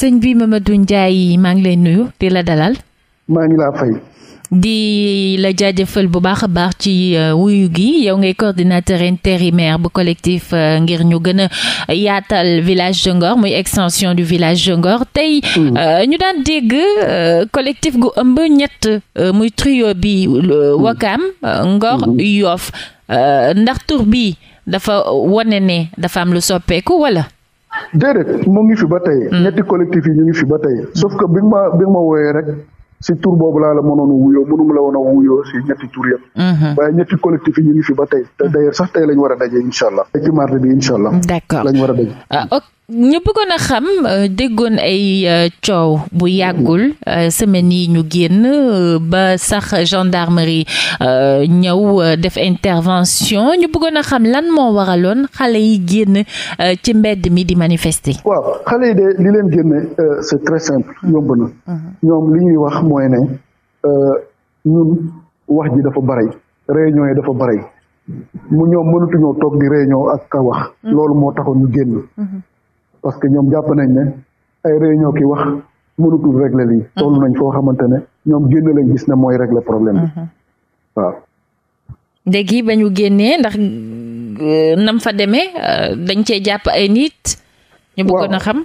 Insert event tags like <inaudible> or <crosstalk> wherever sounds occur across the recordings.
sëñ bi Mamadou Ndiaye maa ngi lay nuyu di la dalal. maa laa fay. di la jaajëfal bu baax a baax ci euh, wuyu gi yow ngay coordinateur intérimaire bu collectif euh, ngir ñu gën a yaatal village de Ngor muy extension du village de Ngor tey. Mm. Euh, ñu daan dégg collectif gu ëmb ñett muy trio bi mm. Wakam Ngor mm-hmm. Yoff ndax tur dafa wane ne dafa am lu soppeeku wala. déedéet moo ngi fi ba tey. Hmm. ñetti collectif yi ñu ngi fi ba tey. Hmm. sauf que bi ma bi ma wooyee rek si tur boobu laa la mënoon wuyoo mënum la woon a wuyoo si ñetti tur yëpp. Hmm. waaye ñetti collectif yi ñu ngi fi ba tey. te d'ailleurs sax tey lañ war a daje incha allah. ci mardi bi incha allah. d'accord war a daje. Ah, ñu bëggoon a xam euh, déggoon ay euh, coow bu yàggul euh, semaine yi ñu génn ba sax gendarmerie ñëw def intervention ñu bëggoon a xam lan moo waraloon xale yi génn ci mbedd mi di manifeste waaw xale yi de li leen génne c'est très simple yomb na. Mhm. ñoom li ñuy wax mooy ne ñun wax ji dafa bari réunion yi dafa bari ñoom mënatuñoo toog di réunion ak wax. Mhm. loolu moo taxoon ñu génn. Mhm. parce que ñoom jàpp nañ ne ay réunion ki wax mënutul régler lii. Mhm. toll nañ foo xamante ne ñoom génn lañ gis na mooy régler problème bi mhm. waaw. léegi ba ñu génnee ndax euh, nam fa demee euh, dañ cee jàpp ay nit. ñu bëggoon a xam.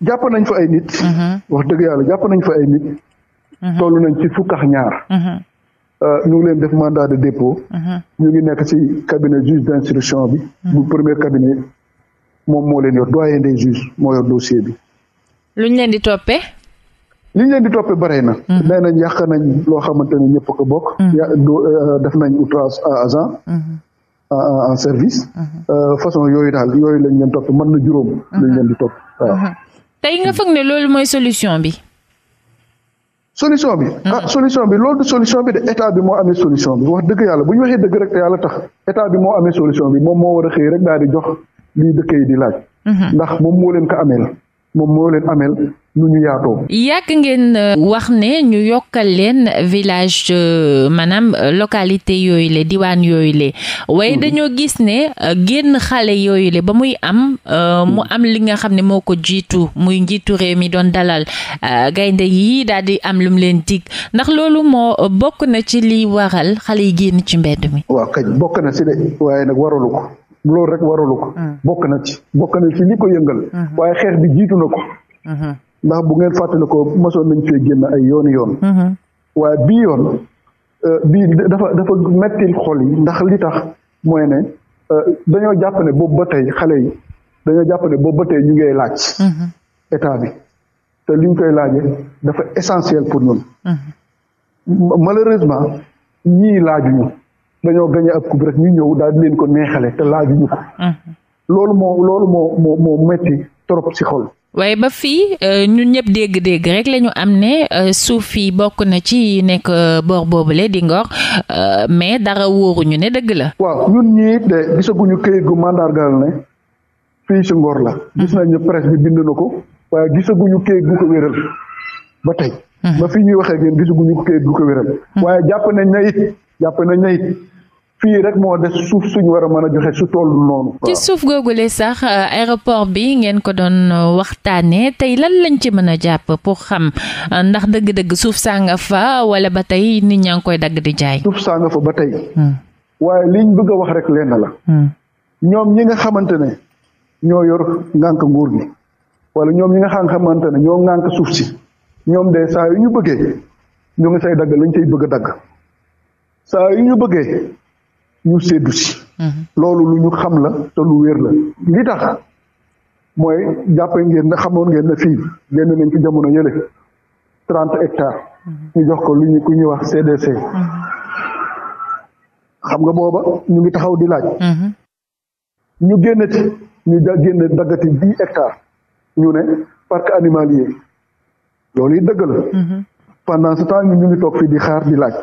jàpp nañ fa ay nit. Mhm. wax dëgg yàlla jàpp nañ fa ay nit. toll nañ ci fukk ñaar. Euh, ñu leen def mandat de dépôt. ñu ngi nekk ci cabinet juge d'instruction bi. bu premier cabinet moom moo leen yor doyen des juges moo yor dossier bi. lu leen di toppee. li ñu leen di toppee bare na. Mm. nee nañ yàq nañ loo xamante ne ñëpp ko bokk. Mm. Euh, def nañ outrage à agent. en mm-hmm. service. Mm-hmm. Euh, façon yooyu daal yooyu lañ leen topp man na juróom. Mm-hmm. lañ leen di topp waaw. tey nga foog ne loolu mooy solution bi. solution bi. ah solution bi loolu du solution bi de état bi moo amee solution bi wax dëgg yàlla bu ñu waxee dëgg rek tax état bi moo amee solution bi moom moo war a xëy rek daal di jox. lii dëkk yi di laaj. Mhm. ndax moom moo leen ko ameel moom moo leen ameel nu ñu yaatoo. yàgg ngeen euh, wax ne ñu yokkal leen village euh, maanaam euh, localité yooyu le diwaan yooyu le waaye mhm. dañoo gis ne génn xale yooyu le ba muy am mu mhm. am li nga xam ne moo ko jiitu muy njiitu réew mi doon dalal gaynde yii daal di am lu leen dig ndax loolu moo bokk na ci liy waral xale yi génn ci mbedd mi. waaw kañ bokk na si de waaye nag waralu ko. loolu rek waralu ko. Mm-hmm. bokk na ci bokk na ci li ko yëngal. Mm-hmm. waaye xeex bi jiitu na ko. Mm-hmm. ndax bu ngeen fàttali ko mosoon nañ fee génn ay yooni yoon. waaye bii yoon euh, bii dafa dafa metti xol yi ndax li tax mooy ne euh, dañoo jàpp ne boobu ba tey xale yi dañoo jàpp ne boobu ba tey ñu ngay laaj. état bi te li koy laajee dafa essentiel pour ñun. malheureusement ñii laajuñu. dañoo gañ ab coupe rek ñu ñëw daal di leen ko neexale te laajuñu ko. Mhm. loolu moo loolu moo moo moo metti trop ci xol. waaye ba fi euh, ñun ñëpp dégg-dégg rek la am ne euh, suuf yi bokk na ci nekk euh, boor boobule di Ngor mais dara wóoruñu ne dëgg la. waaw ñu ñii de gisaguñu këyit gu mandargaal ne fii ci Ngor la. gis nañu presse bi bind na ko waaye gisaguñu këyit gu ko wéral ba tey. Mhm. ba fii ñuy waxee ngeen gisaguñu këyit gu ko wéral. Mhm. waaye jàpp nañ ne it jàpp nañ ne fii rek moo des suuf suñu war a mën a joxe su toll noonu. ci suuf googule sax euh, aéroport bi ngeen ko doon euh, waxtaanee tey lan lañ ci mën a jàpp pour xam euh, ndax dëgg-dëgg suuf saa nga wala ba tey nit ñaa ngi koy dagg di jaay. suuf saa ba tey. Hmm. waaye liñ bëgg a wax rek hmm. ñi nga xamante ne ñoo yor ngànk nguur gi ñoom ñi nga xamante ne ñoo ngànk suuf si ñoom de saa ñu bëggee ñu ngi say dagg lañ say bëgg dagg. saa yi ñu bëggee ñu seddu mhm. loolu lu ñu xam la te lu wér la li tax mooy jàppe ngeen na xamoon ngeen na fii génn nañ ci jamono yële trente hectares mhm. ñu jox ko ñu wax CDC mhm. nga booba ñu ngi taxaw di laaj ñu génnati ñu da génn daggati dix hectares ñu ne parc yi loolu yi dëgg la pendant ce temps ñu ngi toog fii di xaar di laaj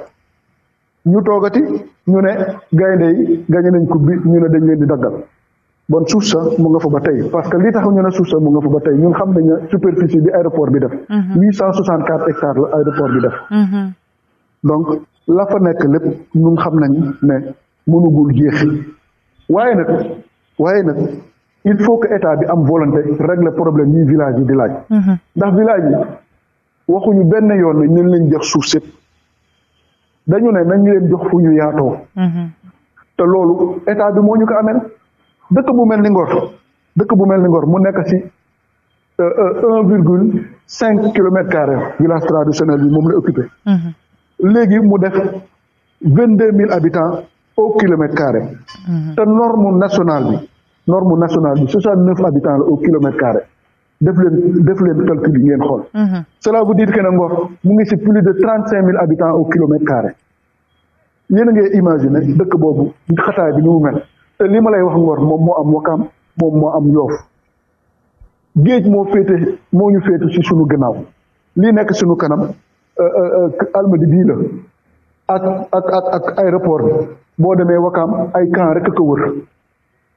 ñu toogati ñu ne gaynde yi gañe nañ coupe bi ñu ne dañ leen di daggal bon suuf sa mu nga fa ba tey parce que li tax ñu ne suuf sa mu nga fa ba tey ñun xam nañ ne superficie bi aéroport bi def. Mhm. huit cent soixante quatre hectares la aéroport bi def. Mhm. donc la fa nekk lépp ñun xam nañ ne mënugul jeexi waaye nag waaye nag il faut que état bi am volonté régler problème yi village yi di laaj. Mhm. ndax village yi waxuñu benn yoon ne ñun lañ jox suuf si. dañu ne nañ leen jox fu ñu yaatoo. Mm-hmm. te loolu état bi moo ñu ko amel dëkk bu mel ni Ngor dëkk bu mel ni Ngor mu nekk ci euh, euh, un virgule cinq kilomètres carré village traditionnel bi moom la occupé. Mm-hmm. léegi mu def vingt deux mille habitants au kilomètre carré. Mm-hmm. te norme nationale bi norme nationale bi soixante neuf habitants la au kilomètre carré. def leen def leen calcul yi ngeen xool. Mhm. cela veut dire que ne Ngor mu ngi ci plus de trente cinq mille habitants au kilomètre carré. yéen a ngi imaginer dëkk boobu xataay bi ni mu mel te li ma lay wax Ngor moom moo am Wakaam moom moo am Yoof géej moo féete moo ñu féete ci sunu gannaaw lii nekk sunu kanam euh, euh, euh, almadi bii la ak ak ak ak aéroport bi boo demee Wakaam ay camp rek a ko wër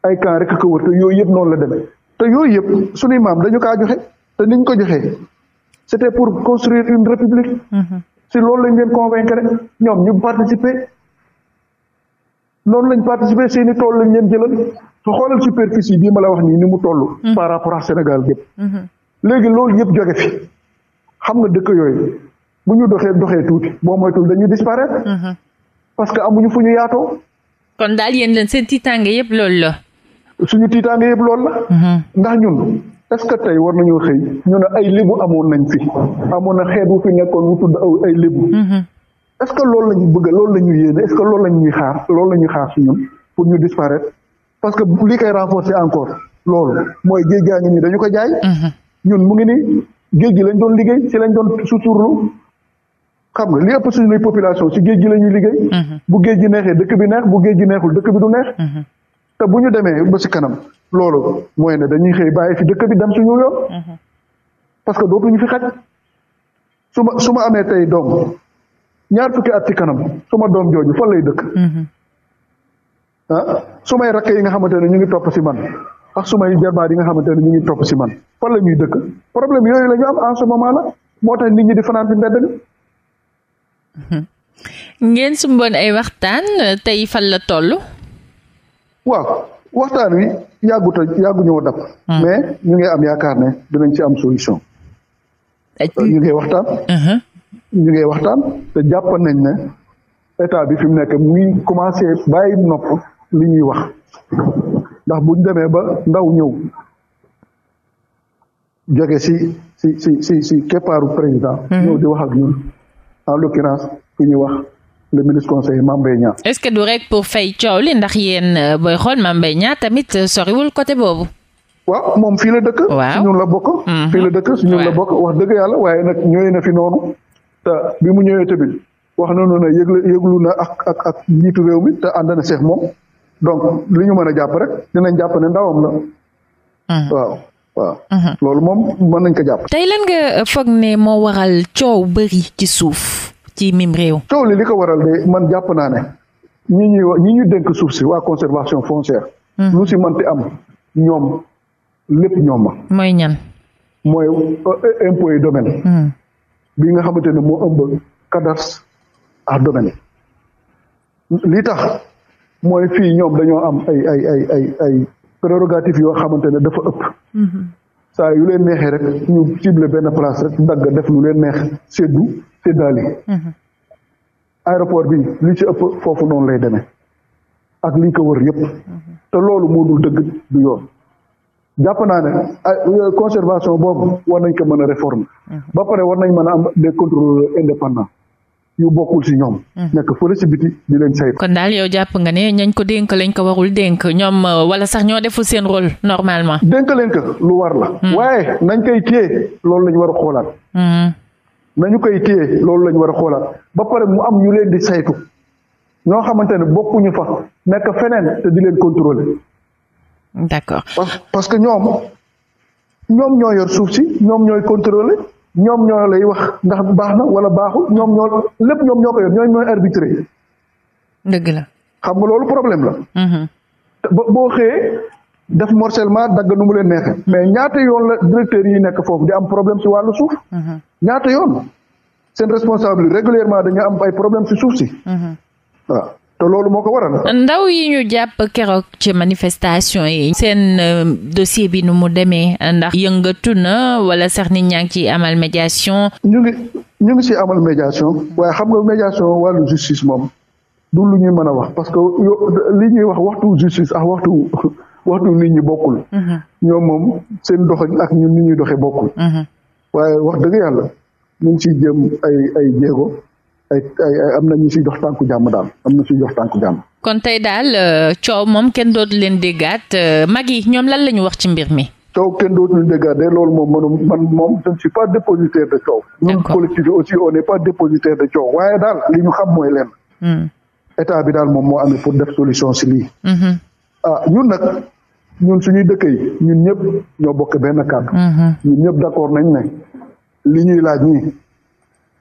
ay camp rek a ko wër te yooyu yëpp noonu la demee te yooyu yëpp suñuy maam dañu kaa joxe te niñ ko joxee et pour construire une république mm-hmm. si loolu lañ leen convaincre ñoom ñu participer noonu lañ participer seen ni tool lañ leen jëlal te xoolal superficie bii ma la wax nii ni mu toll mm-hmm. par rapport ak Sénégal gépp mm-hmm. léegi loolu yëpp jóge fi xam nga dëkk yooyu bu ñu doxee doxee tuuti boo moytul dañuy disparaître parce que amuñu fu ñu yaato kon daal yéen leen seen tiitaange yëpp loolu la suñu tiitaange yëpp loolu la. Mm-hmm. ndax ñun est-ce que tey war nañoo xëy ñu ne ay lébu amoon nañ fi amoon na xeet wu fi nekkoon wu tudd aw ay lébu. Mm-hmm. est-ce que loolu la ñu bëgg loolu la ñu yéene est que loolu la ñuy xaar loolu la ñuy xaar si ñun pour ñu disparaître parce que li koy renforcer encore loolu mooy géej gaa ngi nii dañu ko jaay. Mm-hmm. ñun mu ngi ni géej gi lañ doon liggéey ci lañ doon suturlu xam nga li ëpp suñuy population si géej gi la ñuy liggéey. bu géej gi neexee dëkk bi neex bu géej gi neexul dëkk bi du neex. te bu ñu demee ba si kanam loolu mooy ne dañuy xëy bàyyi fi dëkk bi dem suñu yoon. Mm-hmm. parce que ñu fi xaj. su ma su ma amee tey doom ñaar fukki at ci kanam su ma doom jooju fan lay dëkk. Mm-hmm. ah su may rakk yi nga xamante ne ñu ngi topp si man ak su may jarbaat yi nga xamante ne ñu ngi topp si man fan la ñuy dëkk problème yooyu la am en ce moment là moo tax nit ñi di fanaan si mbedd mi. Mm-hmm. ngeen sumboon ay waxtaan tey fan la toll. waaw waxtaan wi yàggut a yàggu ñëw dab. Hmm. mais ñu ngi am yaakaar ne dinañ ci am solution. Euh, ñu ngi waxtaan. Uh-huh. ñu ngi waxtaan te jàpp nañ ne état bi fi mu nekk mu ngi commencé bàyyi nopp li ñuy wax ndax bu ñu demee ba ndaw ñëw jege si si si si si keppaaru président. Hmm. ñëw di wax ak ñun en l'occurrence fi ñuy wax. le ministre conseiller Mame Mbaye Niang. est-ce que du rek pour fay coow li ndax yéen euh, booy xool Mame Mbaye Niang tamit euh, soriwul côté boobu. waaw moom fii la dëkk. waaw su la bokk. Mhm. fii la dëkk su la bokk wax dëgg yàlla waaye nag ñëwee na fi noonu. te bi mu ta tamit wax nañu ne yëgle yëglu na ak ak ak njiitu réew mi te ànd na seex moom donc li ñu mën a jàpp rek dinañ jàpp ne ndawam la. Mhm. waaw waaw. Mhm. loolu moom mën nañ ko jàpp. tey lan nga euh, foog ne moo waral coow bëri ci suuf. ci mim réew. coow li ko waral de man jàpp naa ne ñi ñuy wax ñi ñu dénk suuf si waa conservation foncière. Hmm. lu si mënti am ñoom lépp ñoom ma. mooy ñan. mooy euh, impôt domaine. Hmm. bi nga xamante ne moo ëmb cadastre ak domaine. li tax mooy fii ñoom dañoo am ay ay ay ay ay prérogatives yoo xamante ne dafa ëpp. Hmm. saa yu leen neexee rek ñu benn place rek dagg def lu leen neex séddu séddaali mhm. aéroport bi li ci ëpp foofu noonu lay demee ak liñ ko wër yëpp mhm. te loolu moo dul dëgg du yoon jàpp naa ne euh, conservation boobu war nañ ko mën a réformer mhm. ba pare war nañ mën a am des contrôleurs yu bokkul ci ñoom. Mm-hmm. nekk fële ci biti di leen saytu. kon daal yow jàpp nga ne ñañ ko dénk lañ ko warul dénk ñoom euh, wala sax ñoo deful seen rôle normalement. dénk leen ko lu war la. Mm-hmm. waaye nañ koy téye loolu lañ war a xoolaat. Mm-hmm. nañu koy téye loolu lañ a xoolaat ba pare mu am ñu leen di saytu ñoo xamante bokkuñu fa nekk feneen te di leen contrôler. d'accord parce que ñoom ñoom ñoo yor suuf si ñoom ñooy contrôler. ñoom ñoo lay wax ndax baax na wala baaxul ñoom ñoo lépp ñoom ñoo ko yor ñooy ñooy arbitré. dëgg la. xam nga loolu problème la. Mm-hmm. ba boo xëyee def morcellement dagg nu mu leen neexee. mais ñaata yoon la directeur yi nekk foofu di am problème si wàllu suuf. Mm-hmm. ñaata yoon seen responsable yi régulièrement dañu am ay problème si suuf si. Mm-hmm. waaw te loolu moo ko waral. ndaw yi ñu jàpp keroog ci manifestation yi. seen euh, dossier bi nu mu demee ndax yëngatu na wala seex ni ñaa ngi ciy amal médiation. ñu ngi ñu ngi si amal médiation waaye xam nga médiation wàllu justice moom du lu ñuy mën a wax parce que li ñuy wax waxtu justice ak waxtu <laughs> waxtu nit ñi bokkul. Mm-hmm. ñoom moom seen dox ak ñun nit ñuy bokkul. Mm-hmm. waaye wax dëgg yàlla ñu ngi siy jëm ay ay ay am na ñu si jox tànku jàmm daal am na si jox tànku jàmm. kon tey daal euh, coow moom kenn dootu leen déggaat euh, mag ñoom lan la ñu wax ci mbir mi. coow kenn dootu leen déggaat de loolu moom man man moom je ne suis pas dépositaire de coow. ñun collectif bi aussi pas dépositaire de coow waaye daal li ñu xam mooy leen. Hmm. état bi daal moom moo amee pour def solution si lii. Hmm. ah ñun nag ñun suñuy dëkk yi ñun ñëpp ñoo bokk benn kàddu. Hmm. ñun ñëpp d'accord nañ ne li ñuy laaj ñii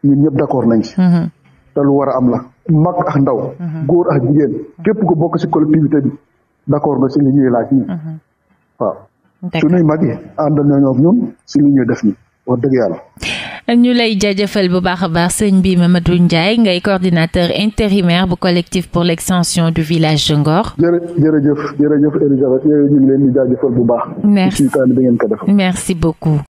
ñun ñëpp d'accord nañ ci. te lu war a am la mag ak ndaw mhm. góor ak jigéen képp ku bokk ci collectivité bi d'accord nga ci li ñuy laaj nii mhm. waaw suñuy mag yi ànd nañoo ak ci li ñuy def nii wax dëgg yàlla ñu lay jaajëfal bu baax a baax sëñ bi Mamadou Ndiaye ngay coordinateur intérimaire bu collectif pour l'extension du village de Ngor. jërëjëf jërëjëf Elisabeth ñu ngi leen di jaajëfal bu baax. merci ci bi ngeen ko def. merci beaucoup.